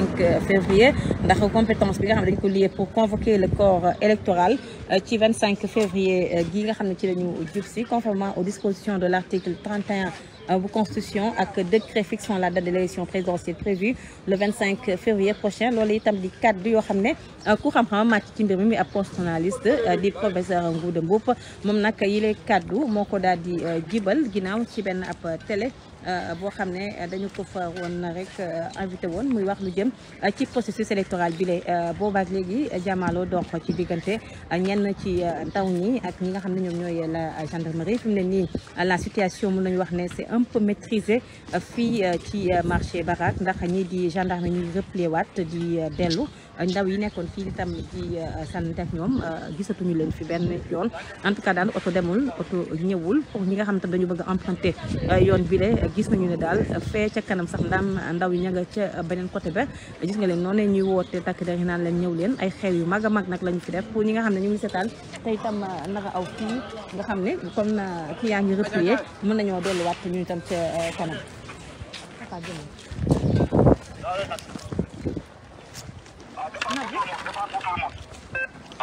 25 euh, février la compétence bi nga pour convoquer le corps euh, électoral euh, ci 25 février gi nga conformément aux dispositions de l'article 31 la constitution ak décret fixant la date de l'élection présidentielle prévue le 25 février prochain loolu itam di kaddu yoo xam ne ku xam-xam màcc ci post mi ab constitutionnaliste di professeur Ngouda Mboup moom mon yi lay kaddu moo ko daal di jibal ginnaaw ci télé euh, bo xamné euh, dañu ko fa woon rek euh, invité won muy wax lu jëm ci processus électoral bi lé lay ak léegi jàmmaloo dox ci diggante ñenn ci taw ñi ak ñi nga xamné ñom ñoy la gendarmerie fi ni la situation mun nañu wax né c'est un peu maîtrisé fi ci marché Barak ndax ñi di gendarmerie ñuy replier wat di dellu ndaw yi nekkoon fii tam kii euh, sànnante ak ñoom euh, gisatuñu leen fi benn yoon en tout cas daal oto demul oto ñëwul pour ñi nga xam tam dañu bëgg a euh, yoon bi le gis nañu ne daal fee ca kanam sax ndaam ndaw yi ña nga ca beneen côté ba gis nga leen noonu ñuy woote takk der yi naan leen ñëw leen ay xew yu mag a mag nag lañu fi def pour ñi nga xam ne ñu ngi seetaan tey tam naka aw fii xam ne comme ki yaa ngi replié mën nañoo delluwaat ñu tam ca kanam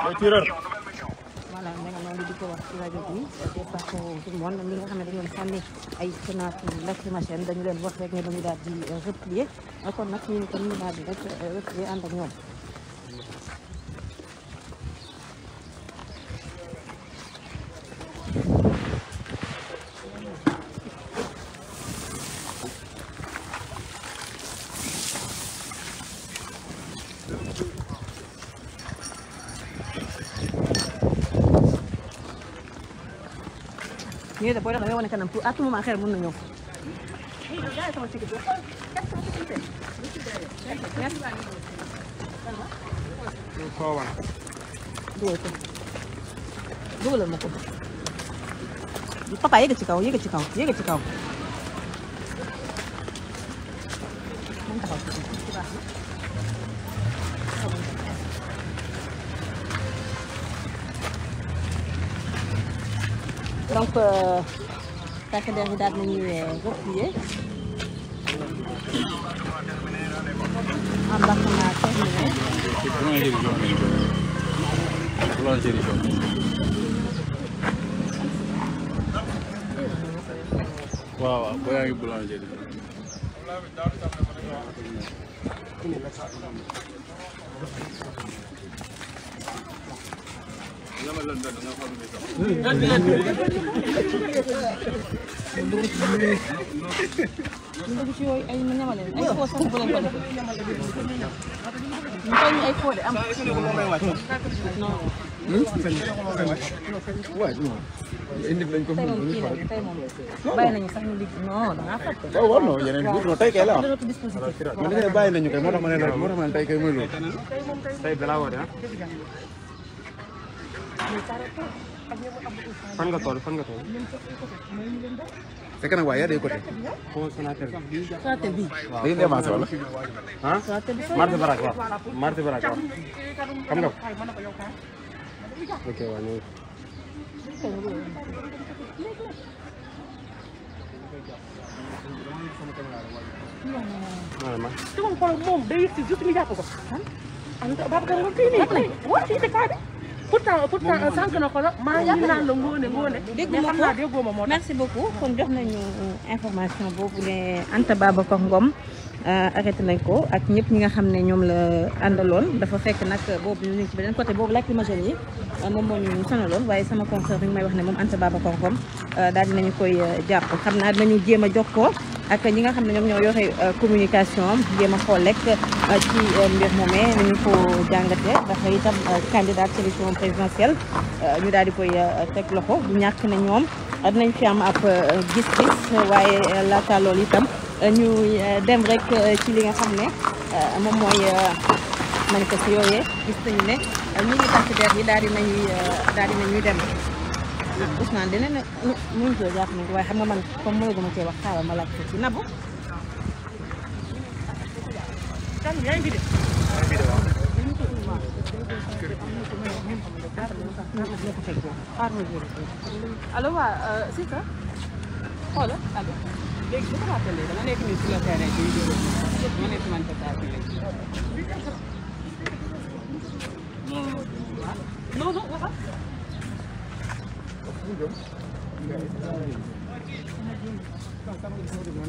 mooy tireur. voilà ndegam di ko wax ci rajo bi di sax tout le monde li nga xam ne dañu leen sànni ay grenades lacrymogènes dañu leen wax rek ne dañu daal di replier kon nag ñun itam ñu daal di rek euh, replier ànd ak ñoom. nii de booy dox da ngay wane kanam pour à tout moment xel mën na ñëw. dugalal ma ko. papa yéeg ci kaw yéeg ci kaw yéeg ci kaw. donc takk der yi daal nañuy replier embarquement terminé boulangerie waaw waaw boo dugg ci yooyu ay ñamale ay foo sax bu leen ko defee ñu koy ñu ay foo de am non waaj moom indi nañ ko tey moom bàyyi nañu sax ñu ligg non da ngaa fàtte waaw waaw non yeneen bi non tey kay la man bàyyi nañu kay moo tax ma ne la moo tax ma ne tey kay mooy loolu tey balaa woote फन का तौर फन का तौर सेकंड हुआ यार एक कोटे कौन सुनाते हैं सुनाते भी दे दे मार वाला हां सुनाते भी मार दे बरा का मार दे बरा का कम कम ओके वाले Tuh kalau mau beli sejuta miliar kok. Kan? Anda bapak kamu ini. Wah, ini dekat. pourtant pourtant sànq na ko la maa ngi naan la ngóone ngóone. dégguma ko mais moo tax merci beaucoup kon jox nañu information boobu ne Anta Babacar Ngom euh, arrêté nañ ko ak ñëpp ñi nga xam ne ñoom la àndaloon dafa fekk nag boobu ñu ngi ci beneen côté boobu lacrymogène yi euh, moom moo ñu sonaloon waaye sama confrère bi ñu may wax ne moom Anta Babacar Ngom euh, daal nañu koy jàpp xam naa nañu jéem a jox ko ak ñi nga xam ne ñoom ñoo yore euh, communication am jéem a xool rek euh, ci euh, mbir moomee nañu ko jàngate ndax itam candidat sélection présidentielle ñu daal di koy teg loxo du ñàkk na ñoom dinañ fi am ab gis-gis waaye laata loolu itam ñu dem rek ci li nga xam ne moom mooy manifeste yooyee gis nañu ne ñi ngi takk yi daal di nañuy daal di nañuy dem Ousmane dina ne mu ngi koy jàpp waaye xam nga man comme mënaguma cee wax xaaral ma laaj ko ci nabu. allo waa euh, si sa xoolal allo léegi bu ko waxtaanee dama nekk nii sur le terrain bi ma nekk man ko taal léegi. non non waxal. entendeu?